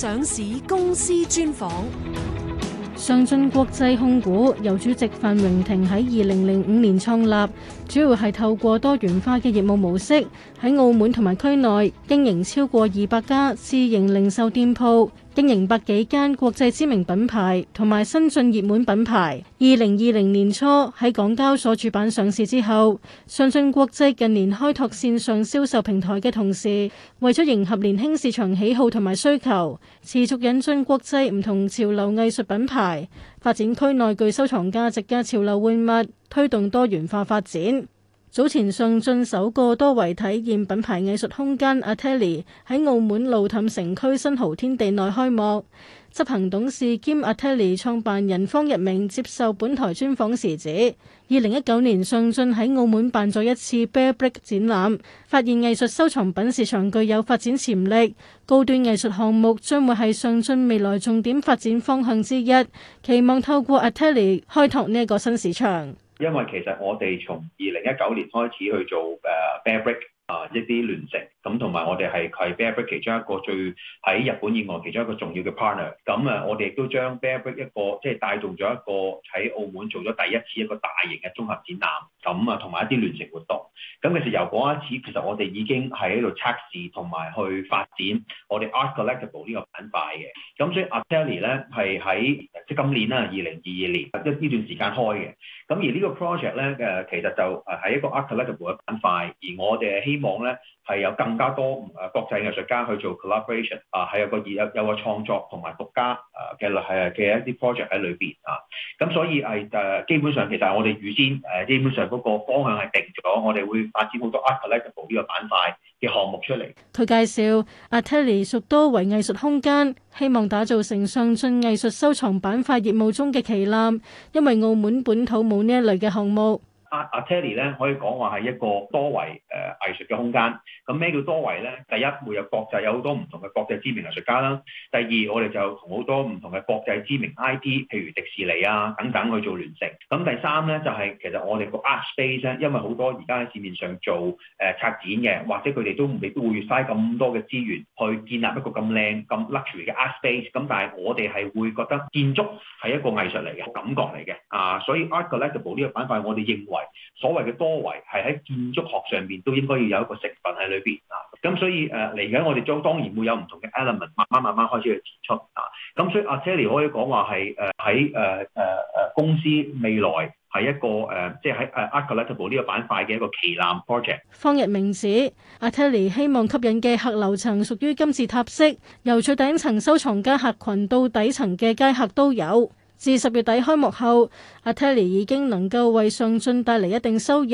上市公司專訪尚晉國際控股由主席范榮廷喺二零零五年創立，主要係透過多元化嘅業務模式喺澳門同埋區內經營超過二百家私營零售店鋪。經營百幾間國際知名品牌同埋新進熱門品牌，二零二零年初喺港交所主板上市之後，尚晉國際近年開拓線上銷售平台嘅同時，為咗迎合年輕市場喜好同埋需求，持續引進國際唔同潮流藝術品牌，發展區內具收藏價值嘅潮流換物，推動多元化發展。早前尚晉首個多維體驗品牌藝術空間 Atelier 喺澳門路氹城區新濠天地內開幕。執行董事兼 Atelier 創辦人方日明接受本台專訪時指，二零一九年尚晉喺澳門辦咗一次 Bearbrick 展覽，發現藝術收藏品市場具有發展潛力。高端藝術項目將會係尚晉未來重點發展方向之一，期望透過 Atelier 開拓呢一個新市場。因為其實我哋從二零一九年開始去做誒 fabric 啊一啲聯乘。咁同埋我哋係佢係 Bearbrick 其中一個最喺日本以外其中一個重要嘅 partner。咁啊，我哋亦都將 Bearbrick 一個即係帶動咗一個喺澳門做咗第一次一個大型嘅綜合展覽。咁啊，同埋一啲聯席活動。咁其實由嗰一次，其實我哋已經係喺度測試同埋去發展我哋 Art Collectible 呢個板塊嘅。咁所以 Artelier 咧係喺即今年啦，二零二二年一呢段時間開嘅。咁而個呢個 project 咧誒，其實就誒喺一個 Art Collectible 嘅板塊，而我哋希望咧係有更更加多誒國際藝術家去做 collaboration 啊，係有個熱有有個創作同埋獨家誒嘅類嘅一啲 project 喺裏邊啊，咁所以係誒基本上其實我哋預先誒基本上嗰個方向係定咗，我哋會發展好多 art collectible 呢個板塊嘅項目出嚟。佢介紹，Atelier 屬多維藝術空間，希望打造成尚晉藝術收藏板塊業務中嘅旗艦，因為澳門本土冇呢一類嘅項目。阿 Terry 咧可以講話係一個多維誒藝術嘅空間，咁咩叫多維咧？第一會有國際有好多唔同嘅國際知名藝術家啦。第二我哋就同好多唔同嘅國際知名 IP，譬如迪士尼啊等等去做聯乘，咁第三咧就係、是、其實我哋個 Art Space 咧，因為好多而家喺市面上做誒、呃、策展嘅，或者佢哋都未必會嘥咁多嘅資源去建立一個咁靚咁 luxury 嘅 Art Space。咁但係我哋係會覺得建築係一個藝術嚟嘅感覺嚟嘅啊，所以 Art Collectible 呢個板塊我哋認為。所謂嘅多維係喺建築學上面都應該要有一個成分喺裏邊啊，咁所以誒嚟緊我哋將當然會有唔同嘅 element 慢慢慢慢開始去提出啊，咁所以阿 Terry 可以講話係誒喺誒誒誒公司未來係一個誒、啊、即係喺誒 collectible 呢個板塊嘅一個旗艦 project。方日明指，阿 Terry 希望吸引嘅客流層屬於金字塔式，由最頂層收藏家客群到底層嘅街客都有。自十月底開幕後，Atelier 已經能夠為上進帶嚟一定收入，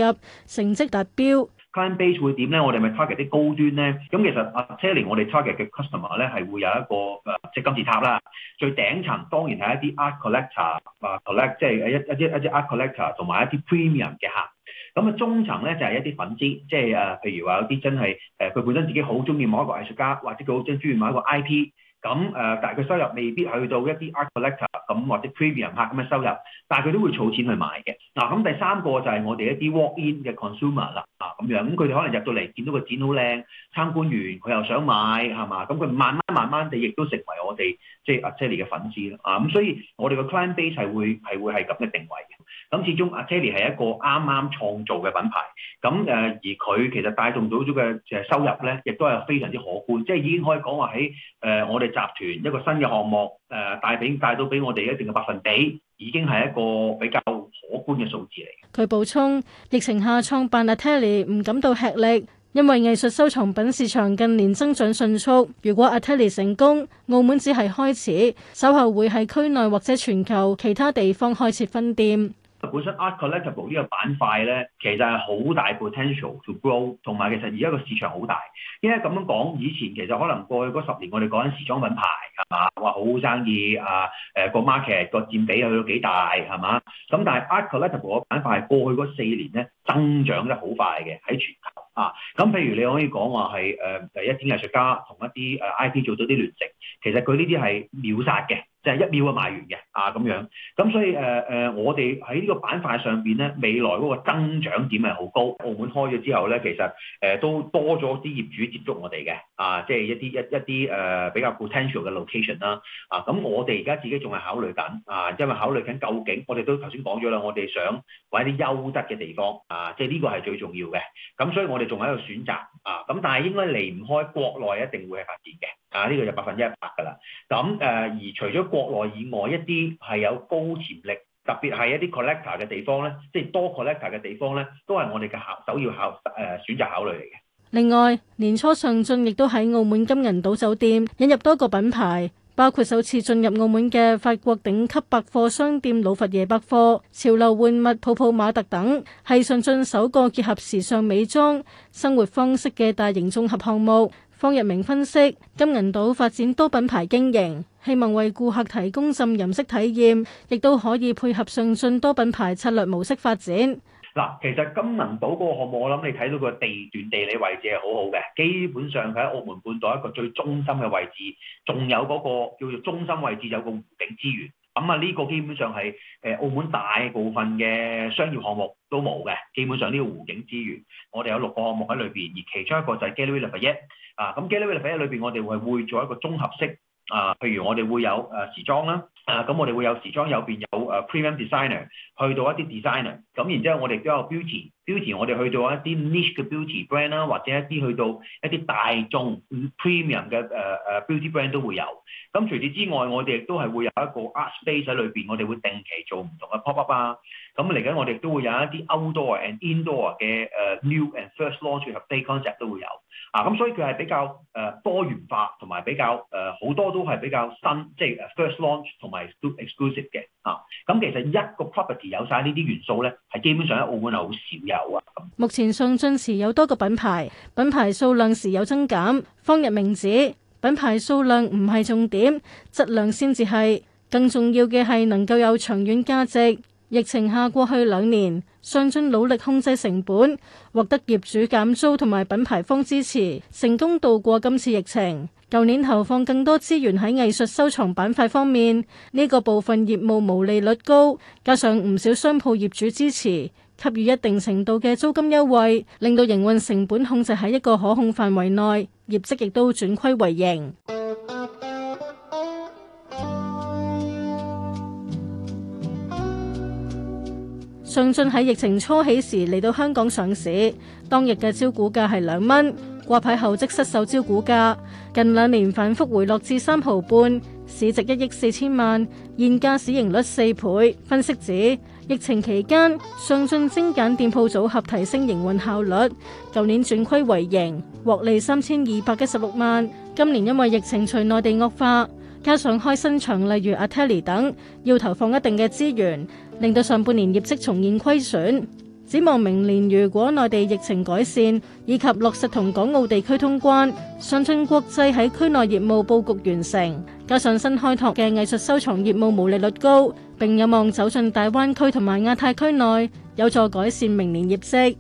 成績達標。client base 會點咧？我哋咪 target 啲高端咧。咁其實 Atelier 我哋 target 嘅 customer 咧係會有一個即金字塔啦。最頂層當然係一啲 art collector 啊、uh，collect 即係一、一、一啲 art collector 同埋一啲 premium 嘅客。咁啊，中層咧就係、是、一啲粉絲，即係誒，譬如話有啲真係誒，佢本身自己好中意某一個藝術家，或者佢好中意某一個 IP。咁誒、嗯，但係佢收入未必去到一啲 art collector 咁或者 premium 客咁嘅收入，但係佢都會儲錢去買嘅。嗱、啊，咁、嗯、第三個就係我哋一啲 walk in 嘅 consumer 啦、啊，啊咁樣咁佢哋可能入到嚟見到個展好靚，參觀完佢又想買係嘛，咁佢、嗯、慢慢。慢慢地，亦都成為我哋即係阿 Terry 嘅粉絲啦。啊，咁所以我哋個 client base 係會係會係咁嘅定位嘅。咁始終阿 Terry 係一個啱啱創造嘅品牌。咁誒，而佢其實帶動到咗嘅誒收入咧，亦都係非常之可觀，即係已經可以講話喺誒我哋集團一個新嘅項目誒帶俾帶到俾我哋一定嘅百分比，已經係一個比較可觀嘅數字嚟嘅。佢補充：疫情下創辦阿 Terry 唔感到吃力。因為藝術收藏品市場近年增長迅速，如果阿 t e l i 成功，澳門只係開始，稍後會喺區內或者全球其他地方開設分店。本身 Art Collectible 呢個板塊咧，其實係好大 potential to grow，同埋其實而家個市場好大。因為咁樣講，以前其實可能過去嗰十年，我哋講緊時裝品牌係嘛，話好生意啊，誒個 market 個佔比去到幾大係嘛。咁但係 Art Collectible 個板塊過去嗰四年咧，增長得好快嘅喺全球啊。咁譬如你可以講話係第一啲藝術家同一啲誒、呃、IP 做咗啲聯繫，其實佢呢啲係秒殺嘅，就係一秒啊買完嘅。啊咁樣，咁所以誒誒，我哋喺呢個板塊上邊咧，未來嗰個增長點係好高。澳門開咗之後咧，其實誒都多咗啲業主接觸我哋嘅，啊，即係一啲一一啲誒比較 potential 嘅 location 啦。啊，咁我哋而家自己仲係考慮緊，啊，因為考慮緊究竟，我哋都頭先講咗啦，我哋想搵一啲優質嘅地方，啊，即係呢個係最重要嘅。咁所以我哋仲喺度選擇，啊，咁但係應該離唔開國內一定會係發展嘅，啊，呢個就百分之一百㗎啦。咁誒，而除咗國內以外一啲，係有高潛力，特別係一啲 collector 嘅地方咧，即係多 collector 嘅地方咧，都係我哋嘅考首要考誒選擇考慮嚟嘅。另外，年初尚晉亦都喺澳門金銀島酒店引入多個品牌，包括首次進入澳門嘅法國頂級百貨商店老佛爺百貨、潮流玩物泡泡馬特等，係尚晉首個結合時尚美妝生活方式嘅大型綜合項目。方日明分析，金銀島發展多品牌經營，希望為顧客提供浸入式體驗，亦都可以配合尚晉多品牌策略模式發展。咁啊，呢個基本上係誒澳門大部分嘅商業項目都冇嘅，基本上呢個湖景資源，我哋有六個項目喺裏邊，而其中一個就係 Gallery Level One 啊，咁 Gallery Level One 裏邊我哋會做一個綜合式。啊，譬如我哋會有誒時裝啦，啊咁我哋會有時裝、啊、裏邊有誒 premium designer，去到一啲 designer，咁然之後我哋都有 beauty，beauty 我哋去到一啲 niche 嘅 beauty brand 啦，或者一啲去到一啲大眾 premium 嘅誒誒 beauty brand 都會有，咁除此之外我哋亦都係會有一個 art space 喺裏邊，我哋會定期做唔同嘅 pop up 啊。咁嚟緊，嗯、我哋都會有一啲 outdoor and indoor 嘅誒 new and first launch 和 day concept 都會有啊。咁、嗯、所以佢係比較誒多元化，同埋比較誒好、呃、多都係比較新，即係 first launch 同埋 exclusive 嘅啊。咁、嗯、其實一個 property 有晒呢啲元素咧，係基本上喺澳門係好少有啊。目前尚晉持有多個品牌，品牌數量時有增減。方日明指品牌數量唔係重點，質量先至係更重要嘅，係能夠有長遠價值。疫情下過去兩年，尚晉努力控制成本，獲得業主減租同埋品牌方支持，成功度過今次疫情。舊年投放更多資源喺藝術收藏板塊方面，呢、這個部分業務毛利率高，加上唔少商鋪業主支持，給予一定程度嘅租金優惠，令到營運成本控制喺一個可控範圍內，業績亦都轉虧為盈。上進喺疫情初起時嚟到香港上市，當日嘅招股價係兩蚊，掛牌後即失手招股價。近兩年反覆回落至三毫半，市值一億四千萬，現價市盈率四倍。分析指，疫情期間上進精簡店鋪組合，提升營運效率。舊年轉虧為盈，獲利三千二百一十六萬。今年因為疫情隨內地惡化，加上開新場例如阿 t 泰 y 等，要投放一定嘅資源。令到上半年業績重現虧損，指望明年如果內地疫情改善，以及落實同港澳地區通關，尚晉國際喺區內業務佈局完成，加上新開拓嘅藝術收藏業務毛利率高，並有望走進大灣區同埋亞太區內，有助改善明年業績。